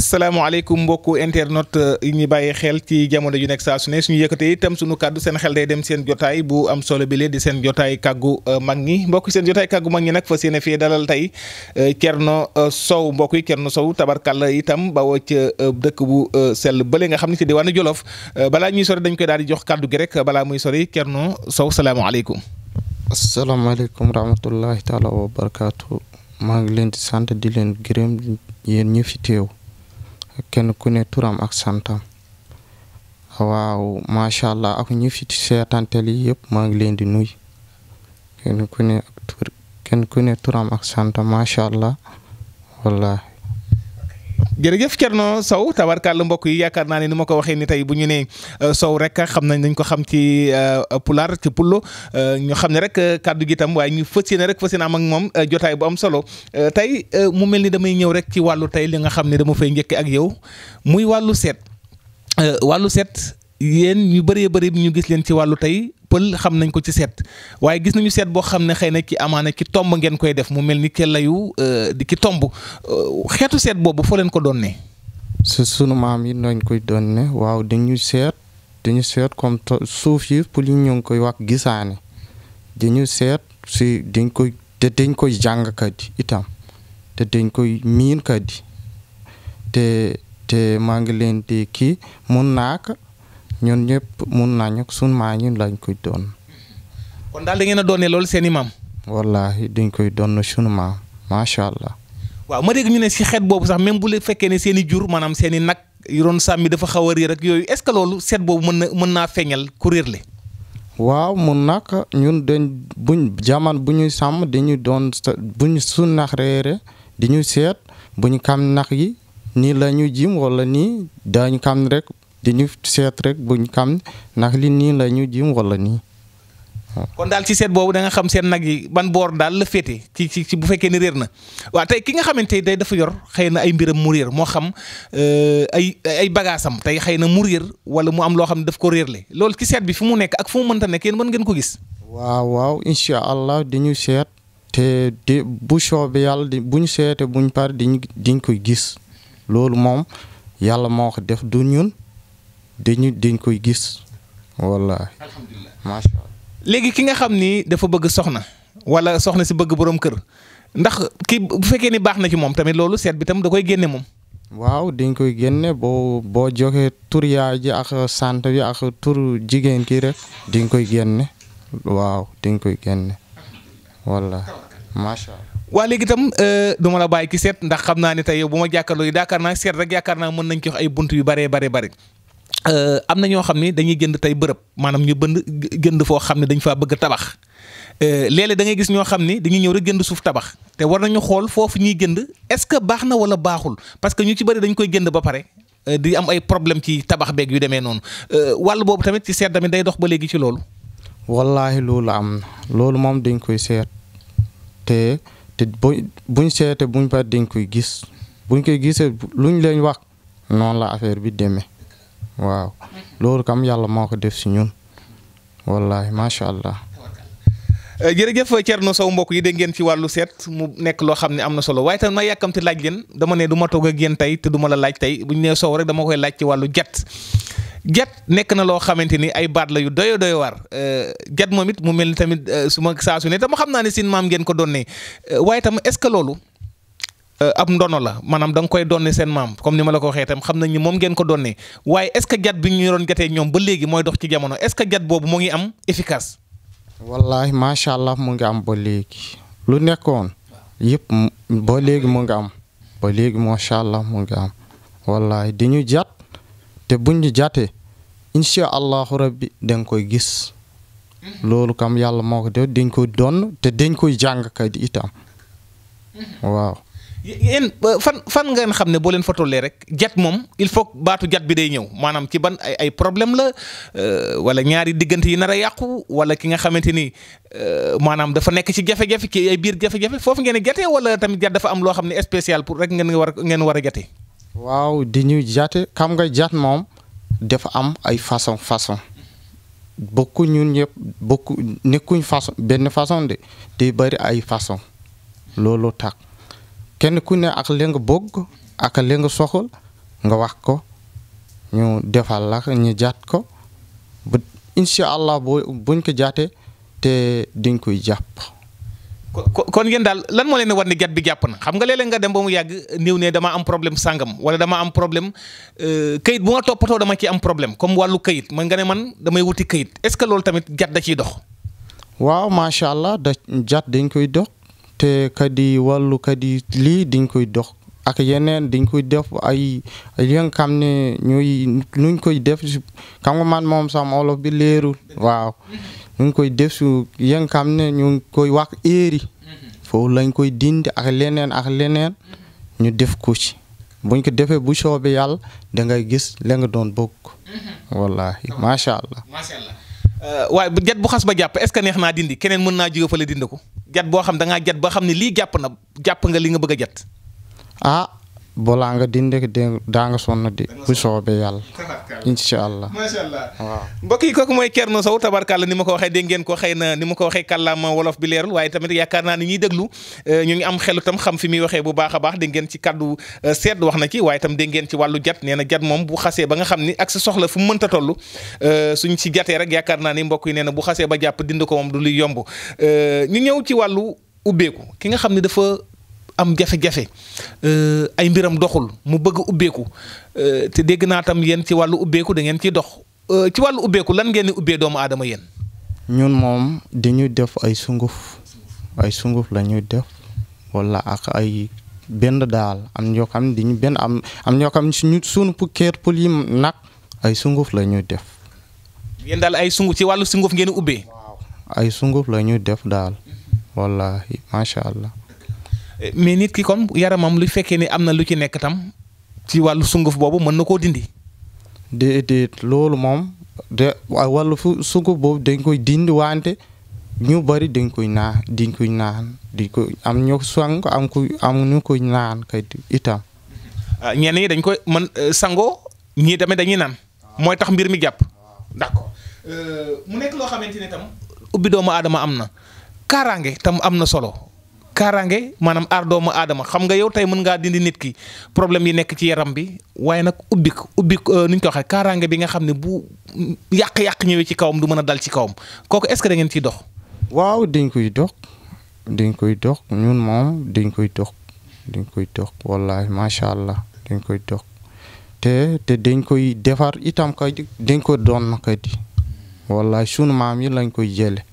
salaamaaleykum mbokku internet euh, yi ñu bàyyi xel ci jamono ju nekk saa su ne suñu yëkkatee itam suñu kàddu seen xel day dem seen jotaay bu am solo bi leen di seen jotaay kàggu euh, mag ñi mbokk seen jotaay kàggu mag ñi nag fa seen fii dalal tey euh, Thierno Sow mbokk yi Thierno Sow tabarkàlla itam bawoo ca dëkk bu sell bële nga xam ne ci diwaanu Jolof balaa ñuy sori dañ koy daal di jox kàddu gi balaa muy sori Thierno Sow salaamaaleykum. asalaamaaleykum rahmatullahi taala wa barakaatu maa ngi leen sant di leen gërëm yéen ñi fi teew. kenn ku ne turam ak santam waaw macha allah ak ñi fi seetantel yi yëpp maa ngi leen di nuyu kenn ku ne tur kenn ku turam ak santam macha allah wallaahi jërëjëf Thierno Sow tabarkàlla mbokk yi yaakaar naa ne ni ma ko waxee ni tey bu ñu nee euh, Sow rek xam nañ dañ ko xam ci euh, pulaar ci pullo euh, ñu xam ne rek kàddu gi tam waaye ñu fas yéene rek fas yéene am ak moom jotaay bu am solo tey mu mel ni damay ñëw rek ci wàllu tey li nga xam ne dama fay njëkke ak yow muy wàllu seet wàllu seet yéen ñu bëree bëri ñu gis leen ci wàllu tey pël xam nañ ko ci seet waaye gis nañu seet boo xam ne xëy na ki amaana ki tomb ngeen koy def mu mel ni ke layu euh, di ki tomb euh, xeetu seet boobu foo leen ko doon ne su sunu maam yi lañ koy doon ne waaw dañu seet dañu seet comme suuf yi pour yi ñu ngi koy wax gisaane dañu seet si dañ koy te dañ koy jàng kadi itam te dañ koy miin kadi te te maa ngi leen di kii mun naak ñun ñëpp mun nañu suñ maa ñun lañ koy doon. kon daal da ngeen a doonee loolu seen i maam. wallaahi dañ koy doon na maam macha allah. waaw ma dégg ñu ne si xeet boobu sax même bu la fekkee ne seeni i jur maanaam seen nag yu doon sàmmi dafa xaw a réer ak yooyu est-ce que loolu seet boobu mën na mën naa feeñal ku réer le nag ñun dañ buñ bu ñuy sàmm dañuy doon buñ suñ nax réere di ñu seet buñ kam nax yi nii la ñu jim walla nii dañu kam rek di dañu seet rek buñ xam ndax li nii la ñu jim wala nii. kon daal ci seet boobu danga xam seen nag yi ban boor daal la féete ci ci bu fekkee ni réer na waaw tey ki nga xamante ni day dafa yor xëy na ay mbiram mu réer moo xam euh, ay ay bagaasam tey xëy na mu réer wala mu am loo xam ne daf ko réerle loolu ci seet bi fi mu nekk ak fu mu mënta kenn yéen mën ngeen ko gis. waaw waaw incha allah dañu seet te di bu soobee yàlla di buñ seete buñ pare diñ diñ koy gis loolu moom yàlla moo wax def du ñun. dañu dañ koy gis wallaahi. alhamdulilah léegi ki nga xam ni dafa bëgg soxna wala soxna si bëgg borom kër ndax ki bu fekkee ni baax na ci moom tamit loolu seet bi tam da koy génne moom. waaw dañ koy génne boo boo joxee tur ji ak sant bi ak tur jigéen kii rek dañ koy génne waaw dañ koy génne wallaahi macha allah. waa léegi itam euh, du la bàyyi ki seet ndax xam naa ni tey yow bu ma jàkkaarloo yi yaakaar naa seet rek yaakaar naa mën nañ ci ay bunt yu baree bare bare Euh, am na ñoo xam ne dañuy jënd tey bërëb maanaam ñu bënd jënd foo xam ne dañu faa bëgg tabax euh, léeg-léeg da ngay gis ñoo xam ni dañuy ñëw rek jënd suuf tabax te war nañu xool foofu ñuy jënd est-ce que baax na walla baaxul parce que ñu ci bari dañ koy jënd ba pare euh, di am ay problème ci tabax beeg yu demee noonu wàll boobu tamit ci seet tamit day dox ba léegi ci loolu. wallaahi loolu am loolu moom dañ koy seet te te buñ seete buñ pare dañ koy gis buñ koy gisee ñu leen wax noonu la affaire bi demee. waaw loolu kam yàlla moo ko def si ñun wallahi macha allah. Eh, jërëjëf na Sow mbokk yi dégg ngeen ci wàllu seet mu nekk loo xam ne am na solo waaye tamit ma yàkkamti laaj leen dama ne du ma toog ak yéen tey te du ma la laaj tey bu ñu nee Sow rek dama koy laaj ci wàllu jet jet nekk na loo xamante ni ay baat la yu doyo doyo war eh, jet moom it mu mel ni tamit eh, su ma saa su ne te xam naa ne seen maam ngeen ko doon ne waaye tam est-ce que loolu ab ndono la maanaam da koy donne seen maam comme ni ma la ko waxee itam xam na ni moom ngeen ko donnee waaye est ce que jat bi ñu doon jatee ñoom ba léegi mooy dox ci jamono est ce que jat ngi am efficace. wallahi macha allah mu ngi am ba léegi lu nekkoon yëpp ba léegi mu ngi am ba léegi macha allah mu ngi am wallahi di ñu jat te buñ ñu jatee incha allahu rabbi da koy gis loolu kam yàlla moo ko def dañ koy donn te dañ koy jàng kay di itam waaw. yéen fan fan ngeen xam ne boo leen fa rek jat moom il faut baatu jat bi day ñëw maanaam ci ban ay ay problème la euh, wala ñaari diggante yi nar a yàqu wala ki nga xamante ni euh, maanaam dafa nekk ci jafe-jafe ci ay biir jafe-jafe foofu ngeen jate wala tamit jat dafa am loo xam ne spécial pour rek ngeen war ngeen war a jatee. waaw di ñu jate kam nga jat moom dafa am ay façon façon bokku ñun ñëpp bokku nekkuñ façon benn façon de day bëri ay façon looloo tax. kenn ku ne ak li nga ak li nga nga wax ko ñu defal la ñu jaat ko ba incha allah boo buñ ko jaatee te diñ koy jàpp. kon yéen daal lan moo leen ne war ni gat bi jàpp na xam nga léeg nga dem ba mu yàgg néew ne dama am problème sàngam wala dama am problème euh, kayit bu ma toppatoo dama ci am problème comme wàllu kayit man nga ne man damay wuti kayit est-ce que loolu tamit gat da ciy dox. waaw macha allah da jat dañ koy dox te kadi wàllu kadi lii dañ koy dox ak yeneen di dañ koy def ay li nga xam ne ñooy nuñ koy def xam nga man moom sama olof bi leerul waaw ñu koy def su yi nga xam ne ñu koy wax éeri foofu lañ koy dindi ak leneen ak leneen ñu def ko ci buñ ko defee bu soobee yàlla dangay gis la nga doon bokk mhm. wallaahi macha allah. Euh, waaye bu jat bu xas ba jàpp est ce que neex naa dindi keneen mën naa jóge fa la dindi ko jat boo xam da jat ba xam ne lii jàpp na jàpp nga li nga bëgg a jat ah balaa nga dindi daa nga sonn di bu soobee yàlla incha allah macha allah waaw mbokk yi kooku mooy Thierno Sow tabarkàlla ni ma ko waxee dégg ngeen ko xëy na ni ma ko waxee kàllaama wolof bi leerul waaye tamit yaakaar naa ni ñuy euh, ñu am xelu tam xam fi muy waxee bu baax a baax dégg ngeen ci kaddu euh, sedd wax na ci waaye tam dégg ngeen ci wàllu jat nee na jat moom bu xasee ba nga xam ni ak sa soxla fu mu mënta toll euh, suñ ci jatee rek yaakaar naa ni mbokk yi nee na bu xasee ba jàpp dind ko moom du luy yomb ñu ñëw ci wàllu ubbeeku am jafe-jafe euh, ay mbiram doxul mu bëgg ubbeeku euh, te dégg naa tam yéen ci wàllu ubbeeku da ngeen ciy dox euh, ci wàllu ubbeeku lan ngeen di ubbee doomu aadama yéen. ñun moom dañuy def ay sunguf ay sunguf la ñuy def wala ak ay benn daal am benn am am ñoo xam ne suñu suñu kër pël yi nag ay sunguf la ñuy def. yéen daal ay sunguf ci wàllu sunguf ngeen ubbee. ay sunguf la ñuy def daal. wallaahi macha allah. mais nit ki kon yaramam lu fekkee ni am na lu ci nekk tam ci wàllu sunguf boobu mën na koo dindi. déedéet loolu moom de wàllu sunguf boobu dañ koy dindi wante ñu bari dañ koy naan dañ koy di ko am ñu sang am ko koy naan kay itam. Ah, ñenn yi dañ koy mën euh, sangoo ñii tamit dañuy naan. mooy tax mbir mi jàpp. d'accord euh, mu loo xamante ubbi doomu aadama am na kaaraange tam am na solo. kaaraange maanaam aar doomu aadama xam nga yow tey mën ngaa dindi nit ki problème yi nekk ci yaram bi waaye nag ubbi ubbi euh, nu ñu ko waxee kaaraange bi nga xam ne bu yàq-yàq ñëwee ci kawam du mën a dal ci kawam kooku est-ce que da ngeen dox. waaw dañ koy dox dañ koy dox ñun moom dañ koy dox dañ koy dox wallaahi macha allah dañ koy dox te te dañ koy defar itam dañ ko doon kay di wallaahi sunu maam yi lañ koy jëlee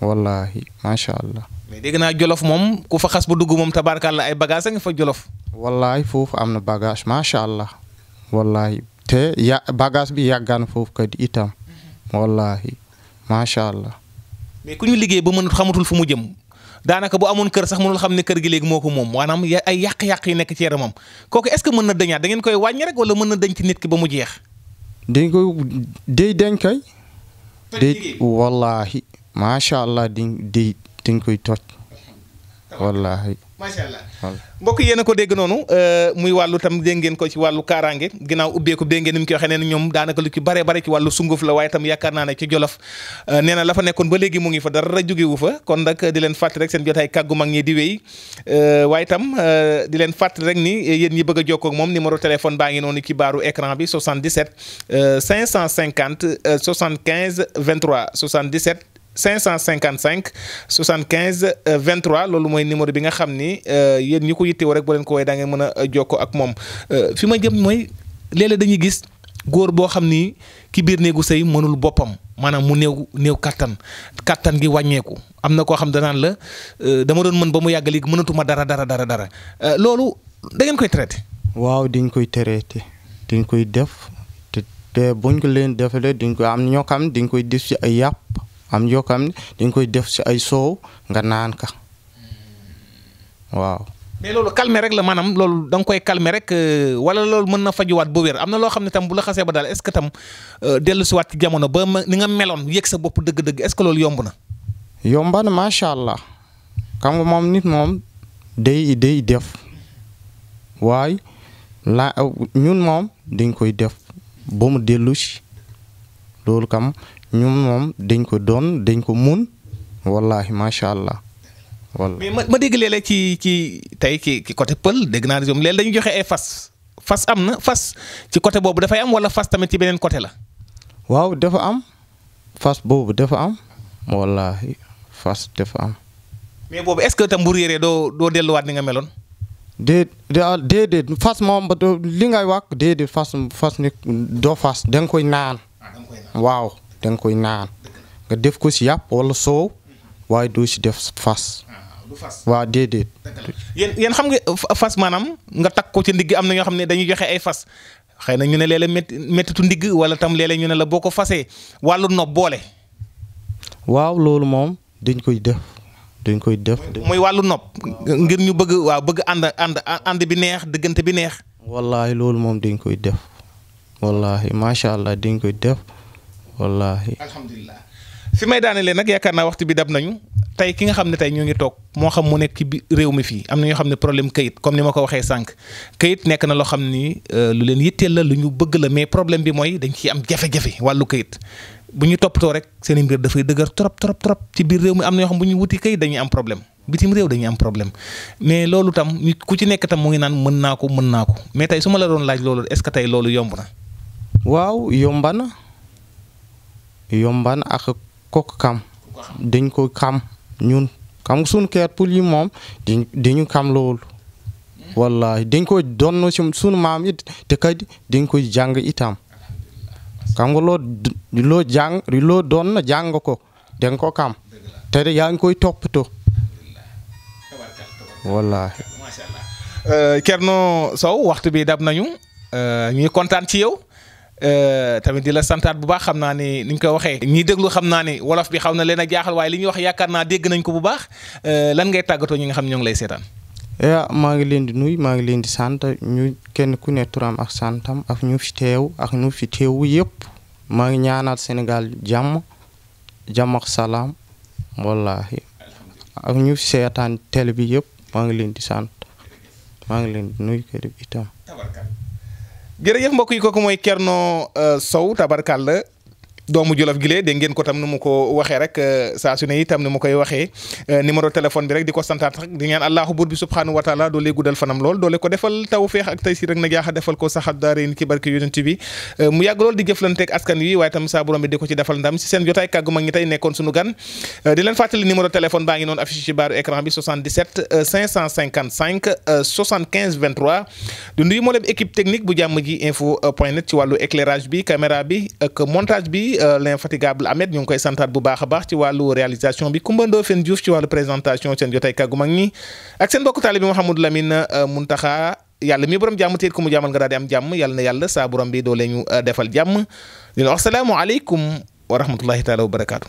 wallaahi macha allah. mais dégg naa jolof moom ku fa xas ba dugg moom tabaarkalla ay bagage a nga fa jolof. wallaay foofu am na bagage macha allah wallaay te ya bagage bi yàggaan foofu kadi itam wallahi macha allah. mais ku ñu liggéey ba mën xamatul fu mu jëm daanaka bu amoon kër sax mënul xam ne kër gi léegi moo ko moom maanaam ay yàq-yàq yi nekk ci yaramam kooku est-ce que mën na dañaat da ngeen koy wàññi rek wala mën na dañ ci nit ki ba jeex. dañ koy day dañ koy. te nga koy toj wallaahi macha allah mbokk yéen a ko dégg noonu euh, muy wàllu tam dégg ngeen ko ci wàllu kaaraange ginnaaw ubbeeku dégg ngeen ni mu ko waxee nee na ñoom daanaka lu ci bare bare ci wàllu sunguf la waaye tam yaakaar naa ne ci jolof euh, nee na la fa nekkoon ba léegi mu ngi fa dara jóge wu fa kon nag di leen fàttali rek seen jotaay kàggu mag ñi di wéy euh, waaye tam di leen fàttali rek ni yéen ñi bëgg a jokkoo moom numéro téléphone baa ngi noonu ci baaru écran bi 77 550 75 23 77 cent 555 75 23 loolu mooy numéro bi nga xam ni euh, yéen ñi ko yittewoo rek boo leen ko woowee daa mën a euh, jokkoo ak moom euh, fi ma jëm mooy léeg-léeg dañuy gis góor boo xam ni ki biir néegu sëy mënul boppam maanaam mu néew néew kàttan kattan gi wàññeeku am na koo xam danaan la dama doon mën ba mu yàgg léegi mënatuma dara dara dara dara loolu dangeen koy traité. waaw diñ koy traité diñ koy def te buñ ko leen defalee diñ ko am ñoo xam diñ koy def ci ay yàpp. am yoo xam ne koy def si ay soow nga naan ka waaw. mais loolu calmer rek la maanaam loolu danga koy calmer rek euh, wala loolu mën na fajuwaat ba wér am na loo xam ne tam bu la xasee ba daal est-ce que tam euh, dellusiwaat ci jamono ba ni nga meloon yëg sa bopp dëgg-dëgg est-ce que loolu yomb na. yomba na macha allah xam moom nit moom day day def waaye la ñun moom dañ koy def ba mu dellu si loolu kam ñun moom dañ ko doon dañ ko mun wallahi macha allah. wala mais ma dégg léeg-léeg ci ci tey ci ci côté pël dégg naa ne ñoom léeg dañu joxe ay fas fas am na fas ci côté boobu dafay am wala fas tamit ci beneen côté la. waaw dafa am fas boobu dafa am wallahi fas dafa am. mais boobu est-ce que tam bu réeree doo doo delluwaat ni nga meloon. déet ah, déedéet fas moom ba li ngay wax déedéet fas fas ni doo fas da nga ah, koy naan. waaw. danga koy naan nga def ko si yàpp walla soow waaye doo si def ah, fas. waaw déedéet. yéen yéen xam nga uh, fas maanaam nga takk ko ci ndigg am na ñoo xam ne dañuy joxe ay fas xëy na ñu ne léeg-léeg métti méttitu ndigg wala tam léeg ñu ne la boo ko fasee wàllu nopp boole. waaw loolu moom dañ koy def. dañ koy def mooy wàllu nopp. ngir ñu bëgg waaw bëgg ànd ànd ànd bi neex diggante bi neex. wallaahi loolu moom dañ koy def. wallaahi macha allah dañ koy def. wallaahi alhamdulilah fi may daanelee nag yaakaar naa waxtu bi dab nañu tey ki nga xam ne tey ñoo ngi toog moo xam mu nekk ci réew mi fii am na xam ne problème kayit comme ni ma ko waxee sànq kayit nekk na loo xam ni euh, lu leen yitteel la lu ñu bëgg la mais problème bi mooy dañ ciy am jafe-jafe wàllu kayit. bu ñu toppatoo rek seen i mbir dafay dëgër trop trop trop ci biir réew mi am na ñoo xam bu ñu wuti kayit dañuy am problème bitim réew dañuy am problème mais loolu tam ku ci nekk tam mu ngi naan mën naa ko mën naa ko mais tey su ma la doon laaj loolu est-ce que loolu yomb na. waaw yomba na yombaan ak kooku kam dañ ko xam ñun xam suñ kër pour yi moom di diñu xam wallahi dañ ko donn si maam it te kadi dañ koy jàng itam xam nga loo loo jàng loo ko danga ko kam te yaa ngi koy toppatoo wallahi Cerno euh, Sow waxtu bi dab nañu euh, ñuy kontaan ci Euh, tamit di la santaat bu baax xam naa ni ni koy ko waxee ñi déglu xam naa ni wolof bi xaw na leen a jaaxal waaye li ñuy wax yaakaar naa dégg nañ ko bu baax euh, lan ngay tàggatoo ñi nga xam ñoo lay seetaan yaa maa ngi leen di nuyu maa ngi leen di sant ñu kenn ku ne turam ak santam ak ñu fi teew ak ñu fi teewu yëpp maa ngi ñaanal Sénégal jàmm jàmm salaam wallahi ak ñu seetaan télé bi yëpp maa ngi leen di sant maa ngi leen di itam jërëjëf mbokk yi kooku mooy Thierno euh, Sow tabarkàlla doomu jolof gi lee ngeen ko tam nu mu ko waxee rek euh, saa su ne itam ni koy waxee euh, numéro téléphone bi rek di ko santaat rek di ñaan allahu buur bi subhanahu wa doole guddal fanam lool doole ko defal taw feex ak tay si rek na jaaxa defal ko saxab daareen ci barke yonent bi euh, mu yàgg lool di jëflanteeg askan wi waaye tam saa borom bi di ko ci defal ndam si seen jotaay kàggu mag ñi tey nekkoon suñu gan di leen fàttali numéro téléphone baa ngi noonu affiché ci baaru écran bi 77 555 bu jàmm ji info point net bi ak montage bi Euh, l'infatigable Ahmed ñu ngi koy santaat bu baax a baax ci wàllu réalisation bi Coumba Ndoffène Diouf ci wàllu présentation seen jotaay kàggu mag ñi ak seen mbokk taalibe bi Mouhamadou Lamine euh, Muntaxa yàlla mi borom jàmm téet ku mu jàmmal nga daal am jàmm yàlla na yàlla saa borom bi doo leen euh, defal jàmm di la wax aleykum wa rahmatullahi taala wa barakaatu.